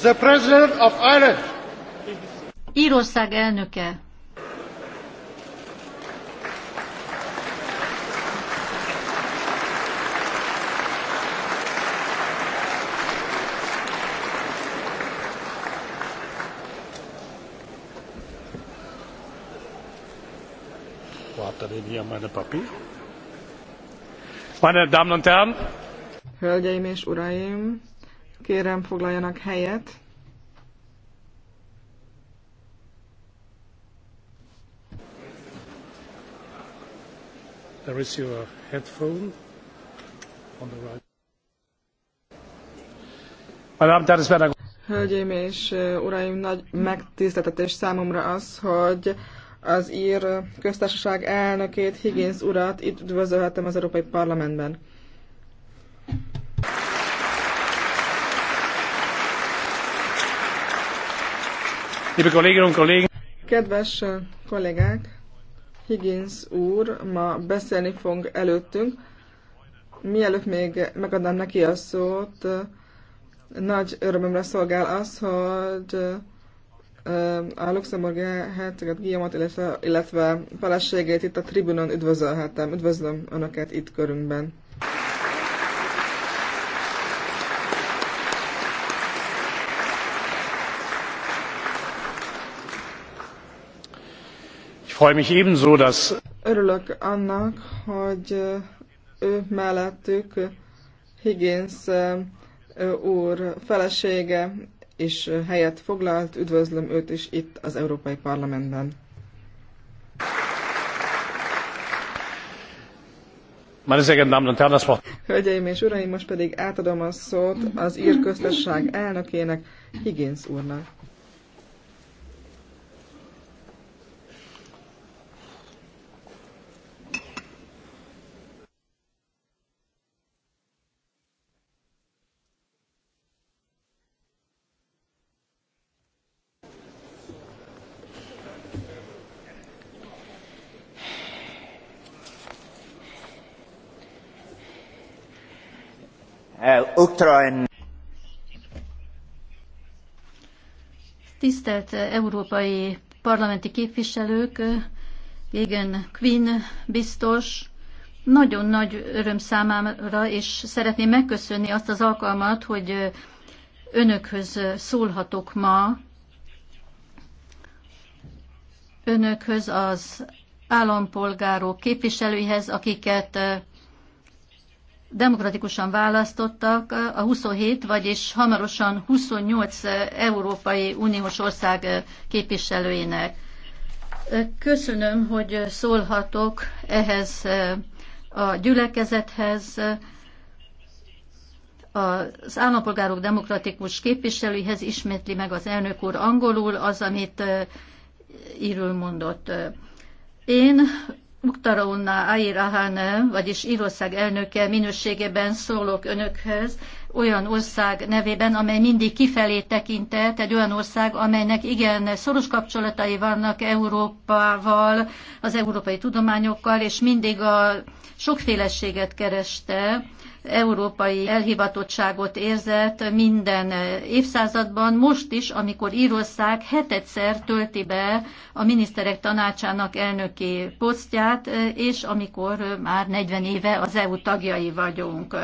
The President of Ireland. Írország elnöke. Meine Damen und Herren! Hölgyeim és Uraim! Kérem, foglaljanak helyet. There is your headphone on the right. Hölgyeim és uraim, nagy megtiszteltetés számomra az, hogy az ír köztársaság elnökét, Higgins urat itt üdvözölhetem az Európai Parlamentben. Liebe Kolleginnen und Kollegen! Kedves kollégák! Higgins úr ma beszélni fog előttünk. Mielőtt még megadnám neki a szót, nagy örömömre szolgál az, hogy a luxemburgi herceget Guillaume-ot, illetve, illetve feleségét itt a tribunon üdvözölhetem. Üdvözlöm Önöket itt körünkben. freue mich ebenso, dass Örülök annak, hogy ő mellettük Higgins úr felesége és helyet foglalt. Üdvözlöm őt is itt az Európai Parlamentben. Hölgyeim és uraim, most pedig átadom a szót az ír köztesség elnökének, Higgins úrnak. Ukrajn. Tisztelt európai parlamenti képviselők, igen, Quinn biztos, nagyon nagy öröm számára, és szeretném megköszönni azt az alkalmat, hogy önökhöz szólhatok ma, önökhöz az állampolgárok képviselőihez, akiket demokratikusan választottak a 27, vagyis hamarosan 28 Európai Uniós ország képviselőinek. Köszönöm, hogy szólhatok ehhez a gyülekezethez, az állampolgárok demokratikus képviselőihez ismétli meg az elnök úr angolul az, amit írül mondott. Én Muktaronna Airahanem, vagyis Írország elnöke minőségében szólok önökhez, olyan ország nevében, amely mindig kifelé tekintett, egy olyan ország, amelynek igen szoros kapcsolatai vannak Európával, az európai tudományokkal, és mindig a sokféleséget kereste, európai elhivatottságot érzett minden évszázadban, most is, amikor Írország hetedszer tölti be a miniszterek tanácsának elnöki posztját, és amikor már 40 éve az EU tagjai vagyunk.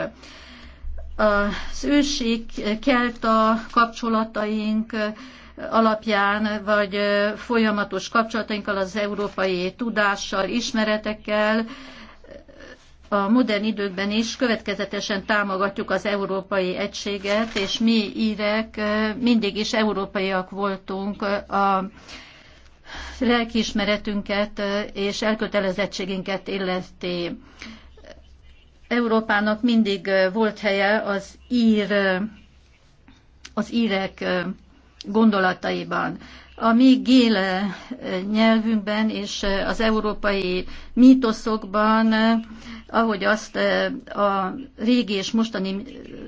Az ősi kelta kapcsolataink alapján, vagy folyamatos kapcsolatainkkal, az európai tudással, ismeretekkel a modern időkben is következetesen támogatjuk az európai egységet, és mi írek mindig is európaiak voltunk a lelkiismeretünket és elkötelezettségünket illeti. Európának mindig volt helye az ír, az írek gondolataiban a mi gél eh, nyelvünkben és eh, az európai mítoszokban, eh, ahogy azt a régi és mostani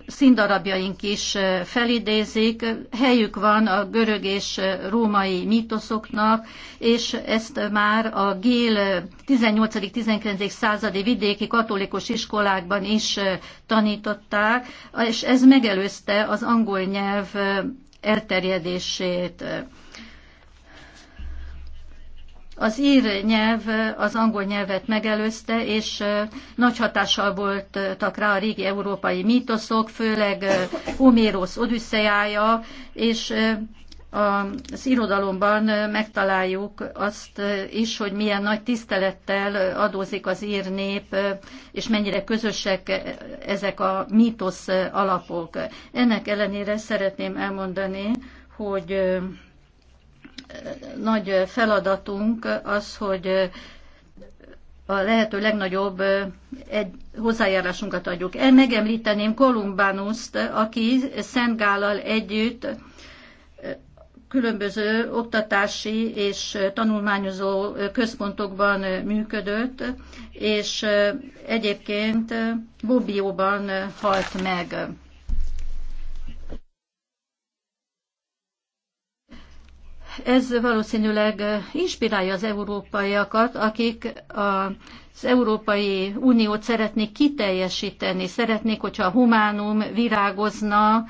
színdarabjaink is felidézik, helyük van a görög és római mítoszoknak, és ezt már a gél 18.-19. századi vidéki katolikus iskolákban is tanították, és ez megelőzte az angol nyelv elterjedését. Az ír nyelv az angol nyelvet megelőzte, és nagy hatással voltak rá a régi európai mítoszok, főleg Homérosz odüsszejája, és az irodalomban megtaláljuk azt is, hogy milyen nagy tisztelettel adózik az ír nép, és mennyire közösek ezek a mítosz alapok. Ennek ellenére szeretném elmondani, hogy nagy feladatunk az, hogy a lehető legnagyobb egy hozzájárásunkat adjuk. El megemlíteném Kolumbánuszt, aki Szent Gállal együtt különböző oktatási és tanulmányozó központokban működött, és egyébként Bobbióban halt meg. ez valószínűleg inspirálja az európaiakat, akik az Európai Uniót szeretnék kiteljesíteni, szeretnék, hogyha a humánum virágozna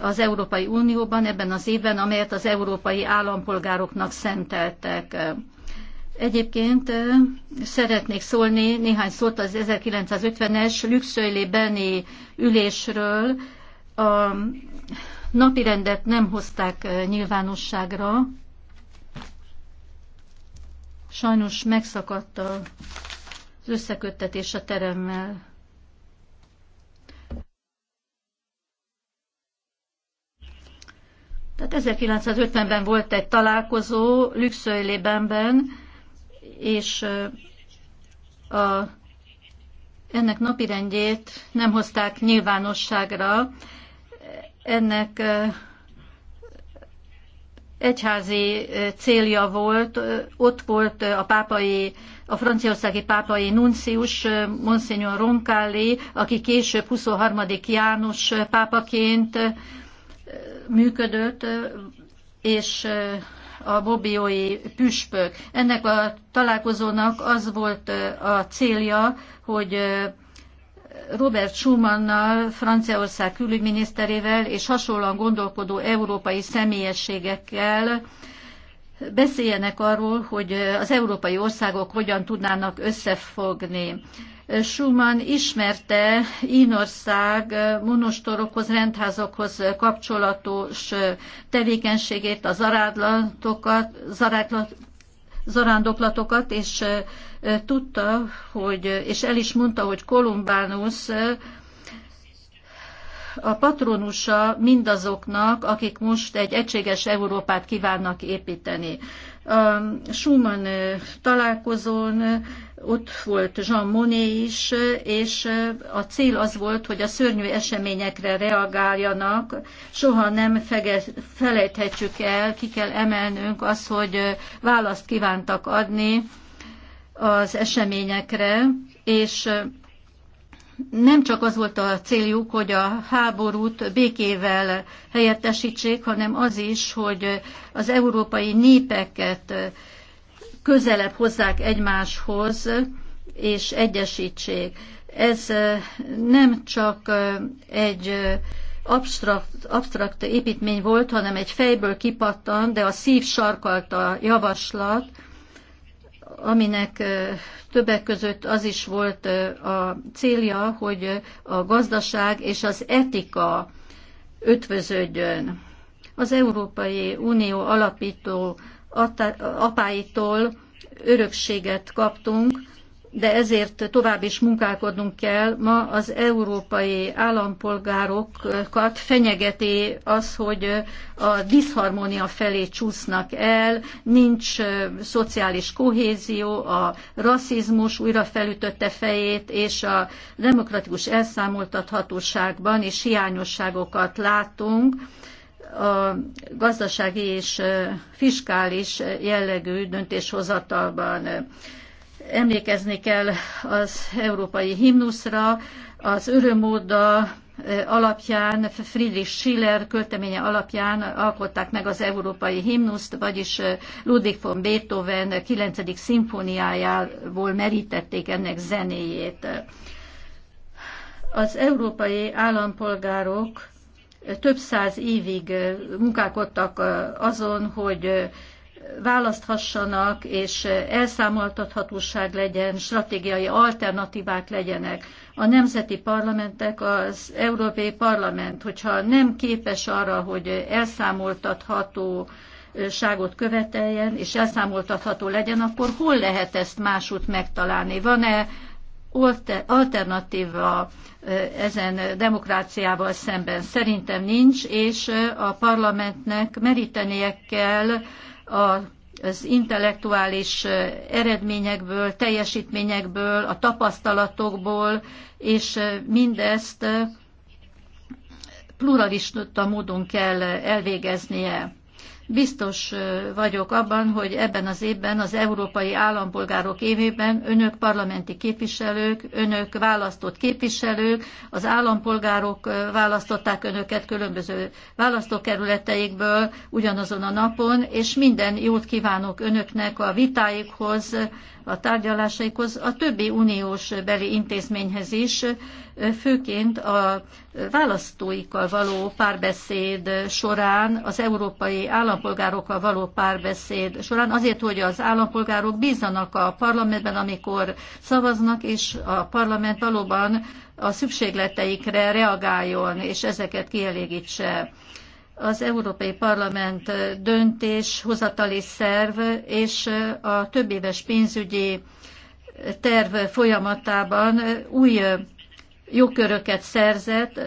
az Európai Unióban ebben az évben, amelyet az európai állampolgároknak szenteltek. Egyébként szeretnék szólni néhány szót az 1950-es Lükszöjlé Beni ülésről. A napirendet nem hozták nyilvánosságra, Sajnos megszakadt az összeköttetés a teremmel. Tehát 1950-ben volt egy találkozó Lükszöjlébenben, és a, ennek napirendjét nem hozták nyilvánosságra. Ennek egyházi célja volt, ott volt a pápai, a franciaországi pápai nuncius, Monsignor Roncalli, aki később 23. János pápaként működött, és a bobiói püspök. Ennek a találkozónak az volt a célja, hogy Robert Schumannal, Franciaország külügyminiszterével és hasonlóan gondolkodó európai személyességekkel beszéljenek arról, hogy az európai országok hogyan tudnának összefogni. Schumann ismerte Ínország monostorokhoz, rendházokhoz kapcsolatos tevékenységét, a zarátlatokat, zarátlat, zarándoklatokat, és tudta, hogy, és el is mondta, hogy Kolumbánusz a patronusa mindazoknak, akik most egy egységes Európát kívánnak építeni. A Schumann találkozón ott volt Jean Monnet is, és a cél az volt, hogy a szörnyű eseményekre reagáljanak. Soha nem fege, felejthetjük el, ki kell emelnünk az, hogy választ kívántak adni az eseményekre, és nem csak az volt a céljuk, hogy a háborút békével helyettesítsék, hanem az is, hogy az európai népeket közelebb hozzák egymáshoz, és egyesítsék. Ez nem csak egy absztrakt építmény volt, hanem egy fejből kipattan, de a szív sarkalta javaslat, aminek Többek között az is volt a célja, hogy a gazdaság és az etika ötvöződjön. Az Európai Unió alapító apáitól örökséget kaptunk, de ezért tovább is munkálkodnunk kell. Ma az európai állampolgárokat fenyegeti az, hogy a diszharmónia felé csúsznak el, nincs szociális kohézió, a rasszizmus újra felütötte fejét, és a demokratikus elszámoltathatóságban is hiányosságokat látunk a gazdasági és fiskális jellegű döntéshozatalban emlékezni kell az európai himnuszra, az örömóda alapján, Friedrich Schiller költeménye alapján alkották meg az európai himnuszt, vagyis Ludwig von Beethoven 9. szimfóniájából merítették ennek zenéjét. Az európai állampolgárok több száz évig munkálkodtak azon, hogy választhassanak, és elszámoltathatóság legyen, stratégiai alternatívák legyenek. A nemzeti parlamentek, az Európai Parlament, hogyha nem képes arra, hogy elszámoltatható ságot követeljen, és elszámoltatható legyen, akkor hol lehet ezt másút megtalálni? Van-e alternatíva ezen demokráciával szemben? Szerintem nincs, és a parlamentnek merítenie kell az intellektuális eredményekből, teljesítményekből, a tapasztalatokból, és mindezt pluralista módon kell elvégeznie. Biztos vagyok abban, hogy ebben az évben, az európai állampolgárok évében önök parlamenti képviselők, önök választott képviselők, az állampolgárok választották önöket különböző választókerületeikből ugyanazon a napon, és minden jót kívánok önöknek a vitáikhoz, a tárgyalásaikhoz, a többi uniós beli intézményhez is, főként a választóikkal való párbeszéd során, az európai állampolgárokkal való párbeszéd során, azért, hogy az állampolgárok bízzanak a parlamentben, amikor szavaznak, és a parlament valóban a szükségleteikre reagáljon, és ezeket kielégítse az Európai Parlament döntés, hozatali szerv és a többéves pénzügyi terv folyamatában új jogköröket szerzett,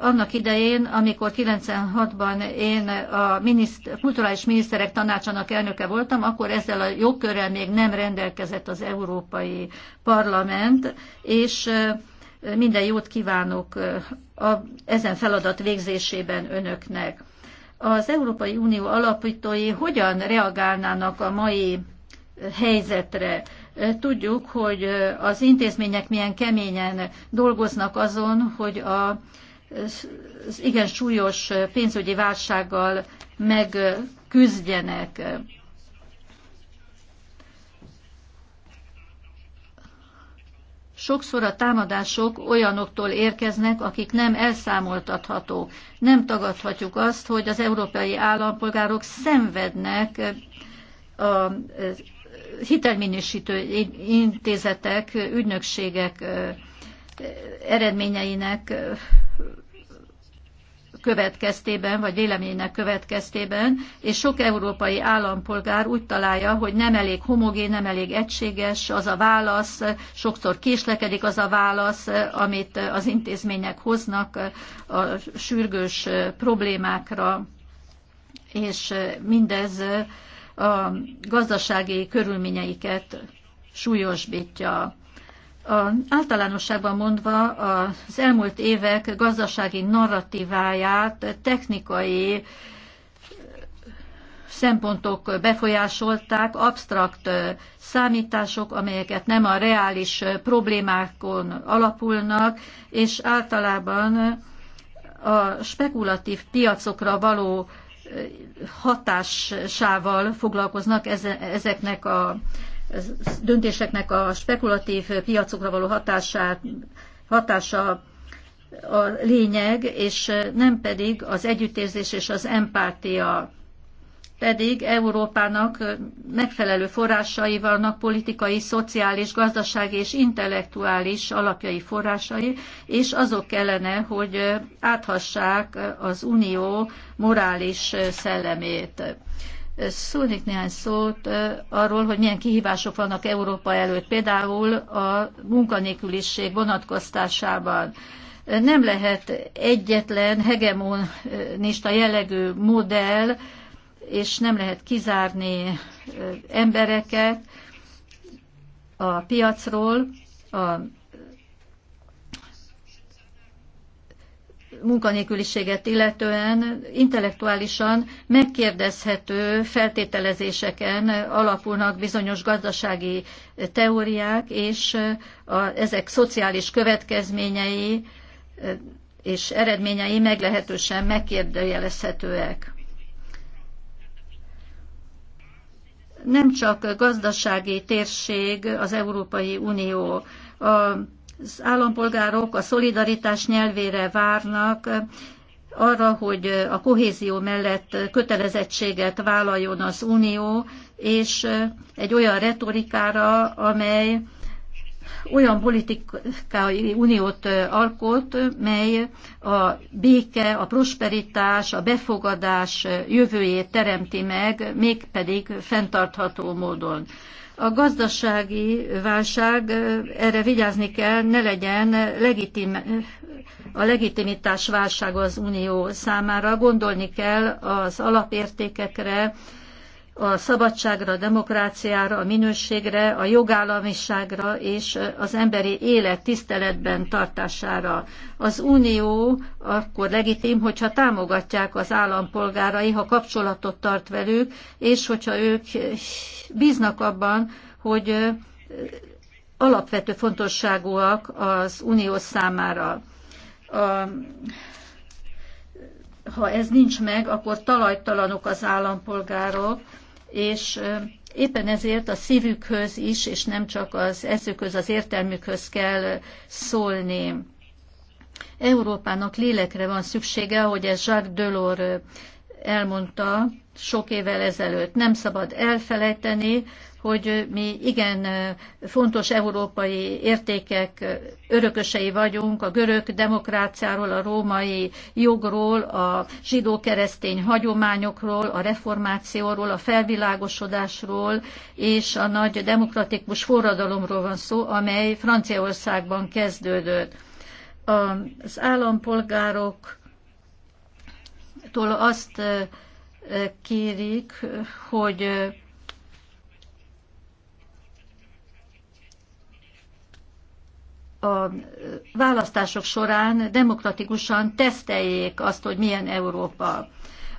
annak idején, amikor 96-ban én a miniszt, kulturális miniszterek tanácsának elnöke voltam, akkor ezzel a jogkörrel még nem rendelkezett az Európai Parlament, és minden jót kívánok a, ezen feladat végzésében önöknek. Az Európai Unió alapítói hogyan reagálnának a mai helyzetre? Tudjuk, hogy az intézmények milyen keményen dolgoznak azon, hogy a igen súlyos pénzügyi válsággal megküzdjenek. Sokszor a támadások olyanoktól érkeznek, akik nem elszámoltathatók. Nem tagadhatjuk azt, hogy az európai állampolgárok szenvednek a hitelminősítő intézetek, ügynökségek eredményeinek következtében, vagy véleménynek következtében, és sok európai állampolgár úgy találja, hogy nem elég homogén, nem elég egységes az a válasz, sokszor késlekedik az a válasz, amit az intézmények hoznak a sürgős problémákra, és mindez a gazdasági körülményeiket súlyosbítja. A, általánosságban mondva az elmúlt évek gazdasági narratíváját technikai eh, szempontok befolyásolták, absztrakt eh, számítások, amelyeket nem a reális eh, problémákon alapulnak, és általában a spekulatív piacokra való hatásával foglalkoznak ezeknek a döntéseknek a spekulatív piacokra való hatását, hatása a lényeg, és nem pedig az együttérzés és az empátia. Pedig Európának megfelelő forrásai vannak, politikai, szociális, gazdasági és intellektuális alapjai forrásai, és azok kellene, hogy áthassák az unió morális szellemét szólnék néhány szót arról, hogy milyen kihívások vannak Európa előtt, például a munkanélküliség vonatkoztásában. Nem lehet egyetlen hegemonista jellegű modell, és nem lehet kizárni embereket a piacról, a munkanélküliséget illetően intellektuálisan megkérdezhető feltételezéseken alapulnak bizonyos gazdasági teóriák, és a, ezek szociális következményei és eredményei meglehetősen megkérdőjelezhetőek. Nem csak gazdasági térség az Európai Unió, a az állampolgárok a szolidaritás nyelvére várnak, arra, hogy a kohézió mellett kötelezettséget vállaljon az Unió, és egy olyan retorikára, amely olyan politikai uniót alkot, mely a béke, a prosperitás, a befogadás jövőjét teremti meg, mégpedig fenntartható módon. A gazdasági válság erre vigyázni kell, ne legyen legitim, a legitimitás válság az unió számára. Gondolni kell az alapértékekre, a szabadságra, a demokráciára, a minőségre, a jogállamiságra és az emberi élet tiszteletben tartására. Az Unió akkor legitim, hogyha támogatják az állampolgárai, ha kapcsolatot tart velük, és hogyha ők bíznak abban, hogy alapvető fontosságúak az Unió számára. A ha ez nincs meg, akkor talajtalanok az állampolgárok, és éppen ezért a szívükhöz is, és nem csak az eszükhöz, az értelmükhöz kell szólni. Európának lélekre van szüksége, ahogy ez Jacques Delors elmondta sok évvel ezelőtt. Nem szabad elfelejteni, hogy mi igen fontos európai értékek örökösei vagyunk, a görög demokráciáról, a római jogról, a zsidó-keresztény hagyományokról, a reformációról, a felvilágosodásról és a nagy demokratikus forradalomról van szó, amely Franciaországban kezdődött. Az állampolgárok tól azt kérik, hogy a választások során demokratikusan teszteljék azt, hogy milyen Európa.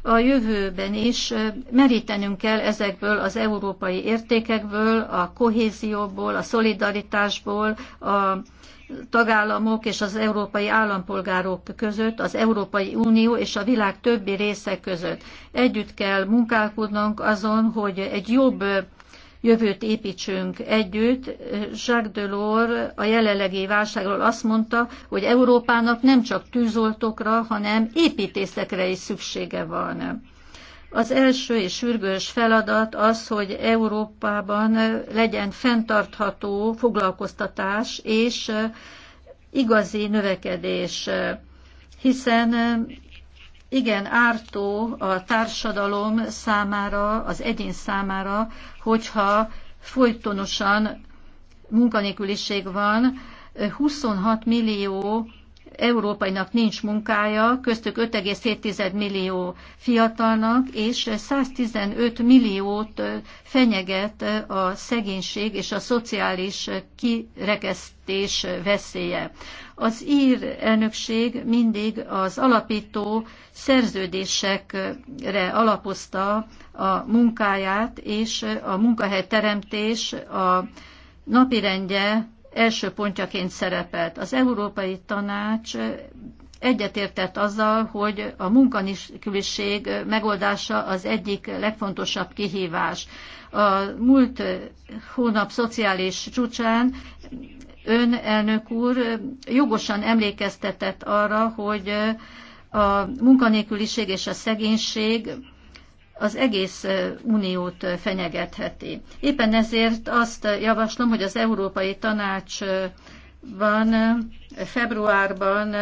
A jövőben is merítenünk kell ezekből az európai értékekből, a kohézióból, a szolidaritásból, a tagállamok és az európai állampolgárok között, az Európai Unió és a világ többi része között. Együtt kell munkálkodnunk azon, hogy egy jobb jövőt építsünk együtt. Jacques Delors a jelenlegi válságról azt mondta, hogy Európának nem csak tűzoltókra, hanem építészekre is szüksége van az első és sürgős feladat az, hogy Európában legyen fenntartható foglalkoztatás és igazi növekedés, hiszen igen ártó a társadalom számára, az egyén számára, hogyha folytonosan munkanélküliség van, 26 millió európainak nincs munkája, köztük 5,7 millió fiatalnak, és 115 milliót fenyeget a szegénység és a szociális kirekesztés veszélye. Az ír elnökség mindig az alapító szerződésekre alapozta a munkáját, és a munkahelyteremtés a napirendje első pontjaként szerepelt. Az Európai Tanács egyetértett azzal, hogy a munkanélküliség megoldása az egyik legfontosabb kihívás. A múlt hónap szociális csúcsán ön, elnök úr, jogosan emlékeztetett arra, hogy a munkanélküliség és a szegénység az egész uniót fenyegetheti. Éppen ezért azt javaslom, hogy az Európai Tanácsban februárban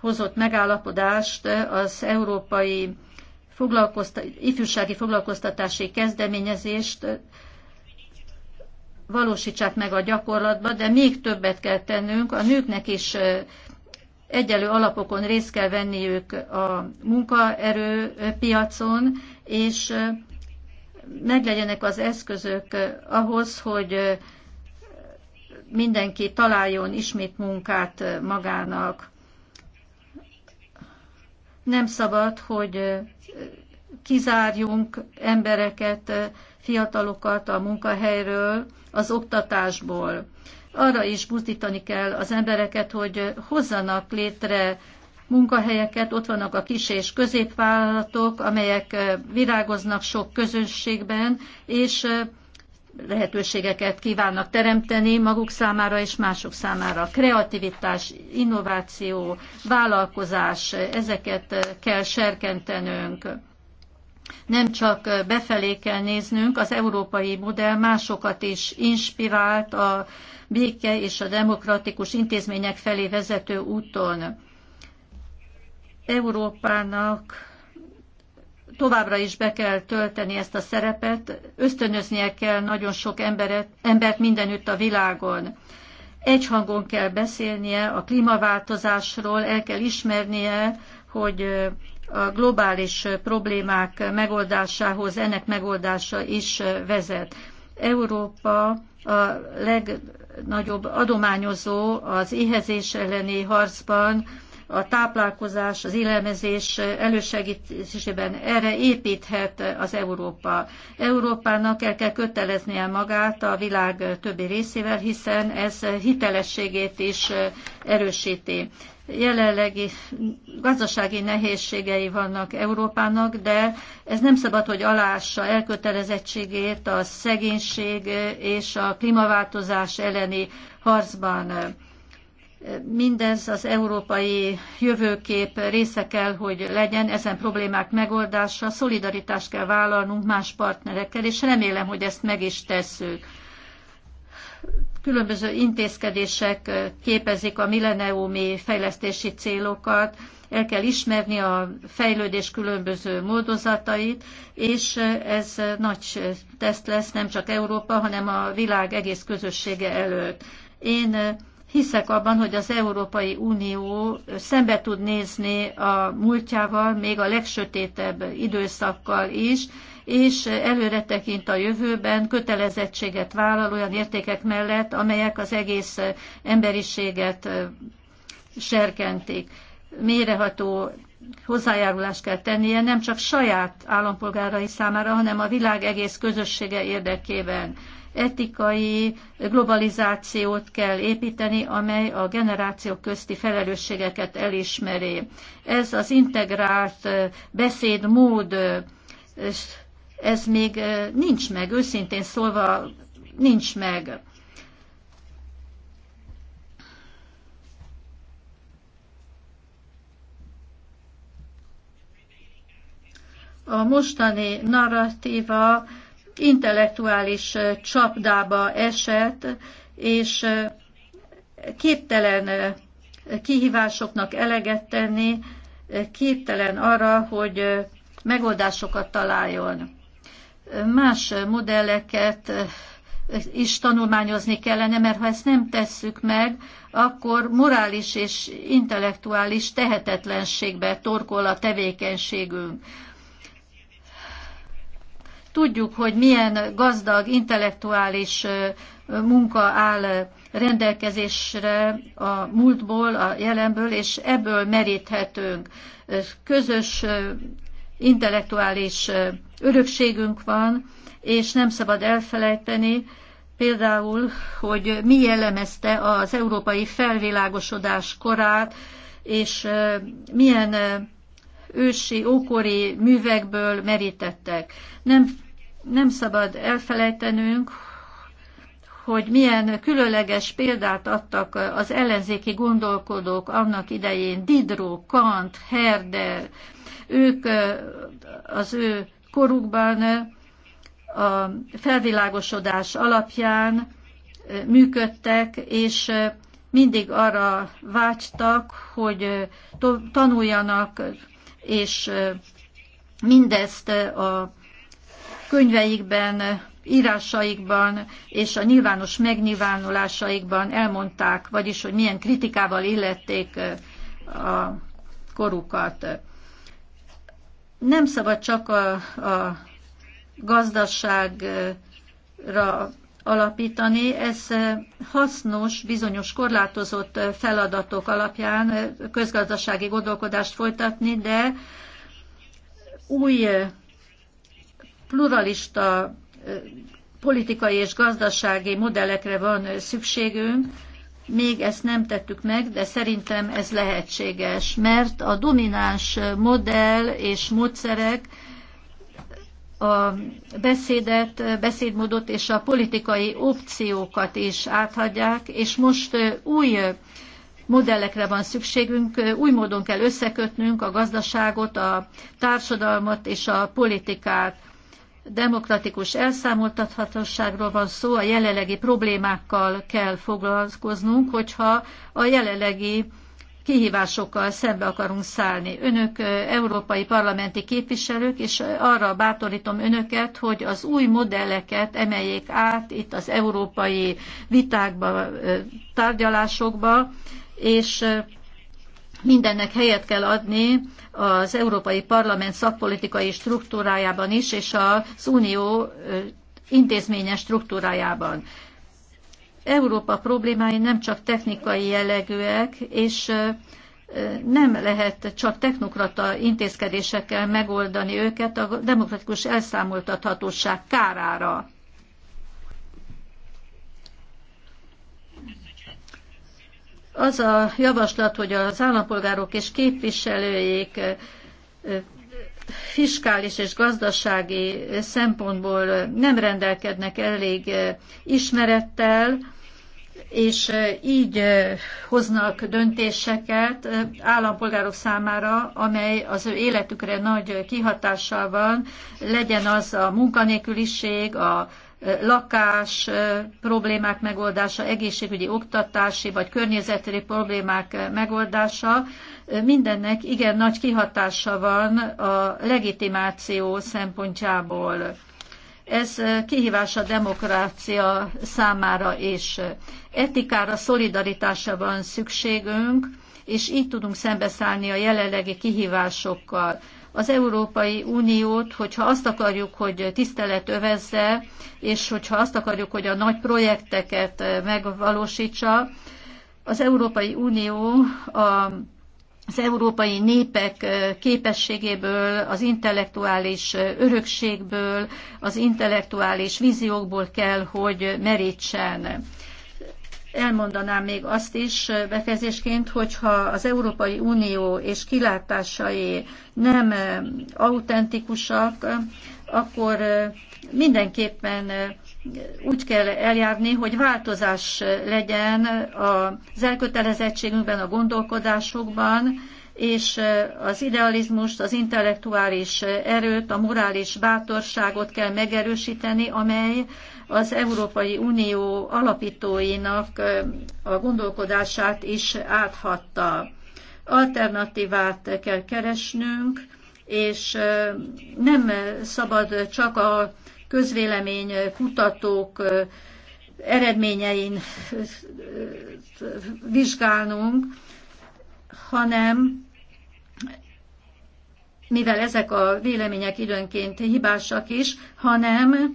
hozott megállapodást az európai foglalkoztat, ifjúsági foglalkoztatási kezdeményezést valósítsák meg a gyakorlatban, de még többet kell tennünk, a nőknek is egyelő alapokon részt kell venniük a munkaerőpiacon, és meglegyenek az eszközök ahhoz, hogy mindenki találjon ismét munkát magának. Nem szabad, hogy kizárjunk embereket, fiatalokat a munkahelyről, az oktatásból. Arra is buzdítani kell az embereket, hogy hozzanak létre munkahelyeket, ott vannak a kis és középvállalatok, amelyek virágoznak sok közönségben, és lehetőségeket kívánnak teremteni maguk számára és mások számára. Kreativitás, innováció, vállalkozás, ezeket kell serkentenünk nem csak befelé kell néznünk, az európai modell másokat is inspirált a béke és a demokratikus intézmények felé vezető úton. Európának továbbra is be kell tölteni ezt a szerepet, ösztönöznie kell nagyon sok emberet, embert mindenütt a világon. Egy hangon kell beszélnie a klímaváltozásról, el kell ismernie, hogy a globális problémák megoldásához, ennek megoldása is vezet. Európa a legnagyobb adományozó az éhezés elleni harcban, a táplálkozás, az élelmezés elősegítésében erre építhet az Európa. Európának el kell köteleznie magát a világ többi részével, hiszen ez hitelességét is erősíti jelenlegi gazdasági nehézségei vannak Európának, de ez nem szabad, hogy alássa elkötelezettségét a szegénység és a klímaváltozás elleni harcban. Mindez az európai jövőkép része kell, hogy legyen ezen problémák megoldása, szolidaritást kell vállalnunk más partnerekkel, és remélem, hogy ezt meg is tesszük. Különböző intézkedések képezik a milleniumi fejlesztési célokat, el kell ismerni a fejlődés különböző módozatait, és ez nagy teszt lesz nem csak Európa, hanem a világ egész közössége előtt. Én Hiszek abban, hogy az Európai Unió szembe tud nézni a múltjával, még a legsötétebb időszakkal is, és előre tekint a jövőben, kötelezettséget vállal olyan értékek mellett, amelyek az egész emberiséget serkentik. Méreható hozzájárulást kell tennie nem csak saját állampolgárai számára, hanem a világ egész közössége érdekében etikai globalizációt kell építeni, amely a generációk közti felelősségeket elismeri. Ez az integrált beszédmód, ez még nincs meg, őszintén szólva nincs meg. A mostani narratíva intellektuális csapdába esett, és képtelen kihívásoknak eleget tenni, képtelen arra, hogy megoldásokat találjon. Más modelleket is tanulmányozni kellene, mert ha ezt nem tesszük meg, akkor morális és intellektuális tehetetlenségbe torkol a tevékenységünk. Tudjuk, hogy milyen gazdag, intellektuális munka áll rendelkezésre a múltból, a jelenből, és ebből meríthetünk. Közös intellektuális örökségünk van, és nem szabad elfelejteni, például, hogy mi jellemezte az európai felvilágosodás korát, és milyen ősi, ókori művekből merítettek. Nem, nem szabad elfelejtenünk, hogy milyen különleges példát adtak az ellenzéki gondolkodók annak idején, Diderot, Kant, Herder, ők az ő korukban a felvilágosodás alapján működtek, és mindig arra vágytak, hogy tanuljanak és mindezt a könyveikben, írásaikban és a nyilvános megnyilvánulásaikban elmondták, vagyis hogy milyen kritikával illették a korukat. Nem szabad csak a, a gazdaságra alapítani. Ez hasznos, bizonyos korlátozott feladatok alapján közgazdasági gondolkodást folytatni, de új pluralista politikai és gazdasági modellekre van szükségünk. Még ezt nem tettük meg, de szerintem ez lehetséges, mert a domináns modell és módszerek a beszédet, beszédmódot és a politikai opciókat is áthagyják, és most új modellekre van szükségünk, új módon kell összekötnünk a gazdaságot, a társadalmat és a politikát. Demokratikus elszámoltathatóságról van szó, a jelenlegi problémákkal kell foglalkoznunk, hogyha a jelenlegi kihívásokkal szembe akarunk szállni. Önök európai parlamenti képviselők, és arra bátorítom önöket, hogy az új modelleket emeljék át itt az európai vitákba, tárgyalásokba, és mindennek helyet kell adni az Európai Parlament szakpolitikai struktúrájában is, és az Unió intézményes struktúrájában. Európa problémái nem csak technikai jellegűek, és nem lehet csak technokrata intézkedésekkel megoldani őket a demokratikus elszámoltathatóság kárára. Az a javaslat, hogy az állampolgárok és képviselőik fiskális és gazdasági szempontból nem rendelkeznek elég eh, ismerettel, és eh, így eh, hoznak döntéseket állampolgárok számára, amely az ő életükre nagy kihatással van, legyen az a munkanélküliség, a lakás problémák megoldása, egészségügyi, oktatási vagy környezeti problémák megoldása, mindennek igen nagy kihatása van a legitimáció szempontjából. Ez kihívás a demokrácia számára is. Etikára, szolidaritásra van szükségünk, és így tudunk szembeszállni a jelenlegi kihívásokkal az Európai Uniót, hogyha azt akarjuk, hogy tisztelet övezze, és hogyha azt akarjuk, hogy a nagy projekteket megvalósítsa, az Európai Unió a az európai népek képességéből, az intellektuális örökségből, az intellektuális víziókból kell, hogy merítsen. Elmondanám még azt is befejezésként, hogyha az Európai Unió és kilátásai nem autentikusak, akkor mindenképpen úgy kell eljárni, hogy változás legyen az elkötelezettségünkben, a gondolkodásokban, és az idealizmust, az intellektuális erőt, a morális bátorságot kell megerősíteni, amely az Európai Unió alapítóinak a gondolkodását is áthatta. Alternatívát kell keresnünk, és nem szabad csak a közvélemény kutatók eredményein vizsgálnunk, hanem mivel ezek a vélemények időnként hibásak is, hanem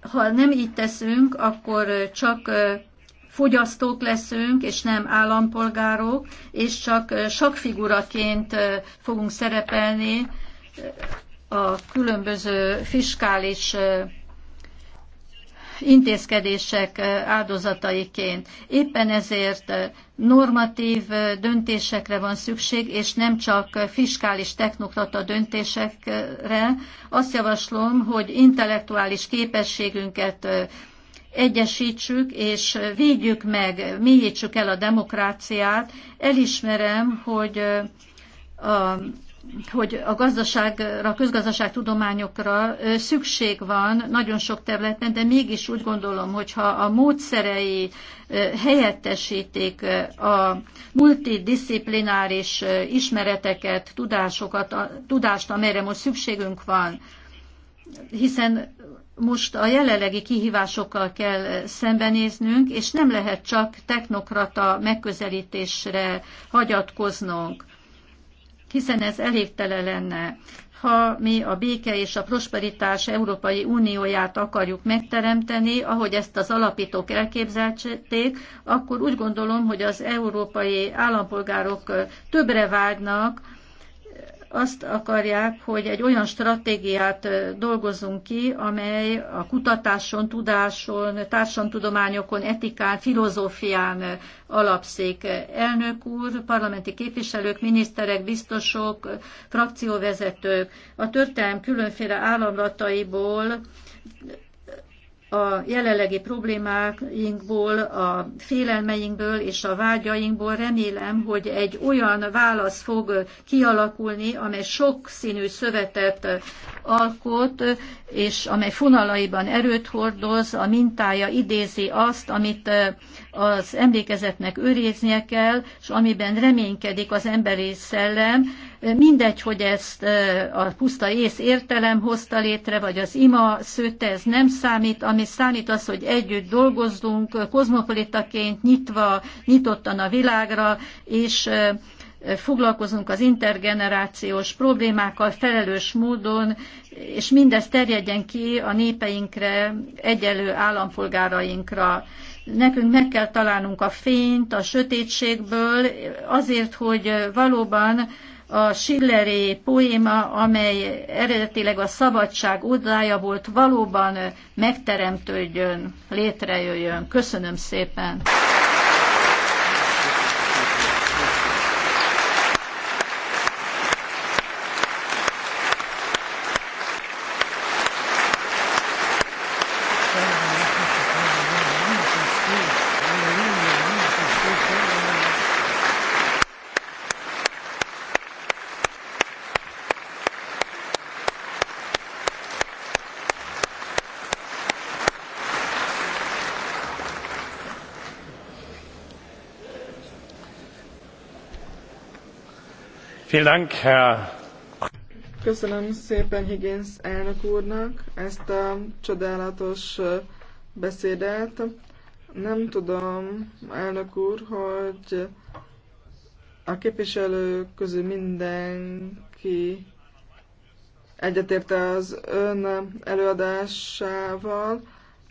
ha nem így teszünk, akkor csak fogyasztók leszünk, és nem állampolgárok, és csak sakfiguraként fogunk szerepelni a különböző fiskális intézkedések áldozataiként. Éppen ezért normatív döntésekre van szükség, és nem csak fiskális technokrata döntésekre. Azt javaslom, hogy intellektuális képességünket egyesítsük és védjük meg, mélyítsük el a demokráciát. Elismerem, hogy a hogy a gazdaságra, a közgazdaságtudományokra szükség van nagyon sok területen, de mégis úgy gondolom, hogyha a módszerei helyettesítik a multidisziplináris ismereteket, tudásokat, a, tudást, amelyre most szükségünk van, hiszen most a jelenlegi kihívásokkal kell szembenéznünk, és nem lehet csak technokrata megközelítésre hagyatkoznunk hiszen ez elégtelen lenne. Ha mi a béke és a prosperitás Európai Unióját akarjuk megteremteni, ahogy ezt az alapítók elképzelték, akkor úgy gondolom, hogy az európai állampolgárok többre vágynak, azt akarják, hogy egy olyan stratégiát dolgozzunk ki, amely a kutatáson, tudáson, társadalomtudományokon, etikán, filozófián alapszik. Elnök úr, parlamenti képviselők, miniszterek, biztosok, frakcióvezetők, a történelem különféle államlataiból a jelenlegi problémáinkból, a félelmeinkből és a vágyainkból remélem, hogy egy olyan válasz fog kialakulni, amely sok színű szövetet alkot, és amely fonalaiban erőt hordoz, a mintája idézi azt, amit az emlékezetnek őriznie kell, és amiben reménykedik az emberi szellem, mindegy, hogy ezt a puszta ész értelem hozta létre, vagy az ima szőtte, ez nem számít, ami számít az, hogy együtt dolgozzunk, kozmopolitaként nyitva, nyitottan a világra, és foglalkozunk az intergenerációs problémákkal felelős módon, és mindez terjedjen ki a népeinkre, egyelő állampolgárainkra. Nekünk meg kell találnunk a fényt a sötétségből, azért, hogy valóban a Schilleré poéma, amely eredetileg a szabadság odája volt, valóban megteremtődjön, létrejöjjön. Köszönöm szépen! Köszönöm szépen Higgins elnök úrnak ezt a csodálatos beszédet. Nem tudom, elnök úr, hogy a képviselők közül mindenki egyetérte az ön előadásával,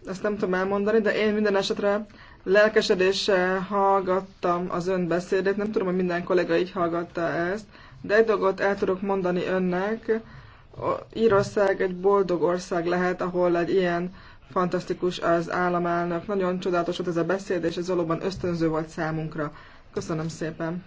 ezt nem tudom elmondani, de én minden esetre lelkesedéssel hallgattam az ön beszédét, nem tudom, hogy minden kollega így hallgatta ezt, de egy dolgot el tudok mondani önnek, Írország egy boldog ország lehet, ahol egy ilyen fantasztikus az államelnök. Nagyon csodálatos volt ez a beszéd, és ez valóban ösztönző volt számunkra. Köszönöm szépen!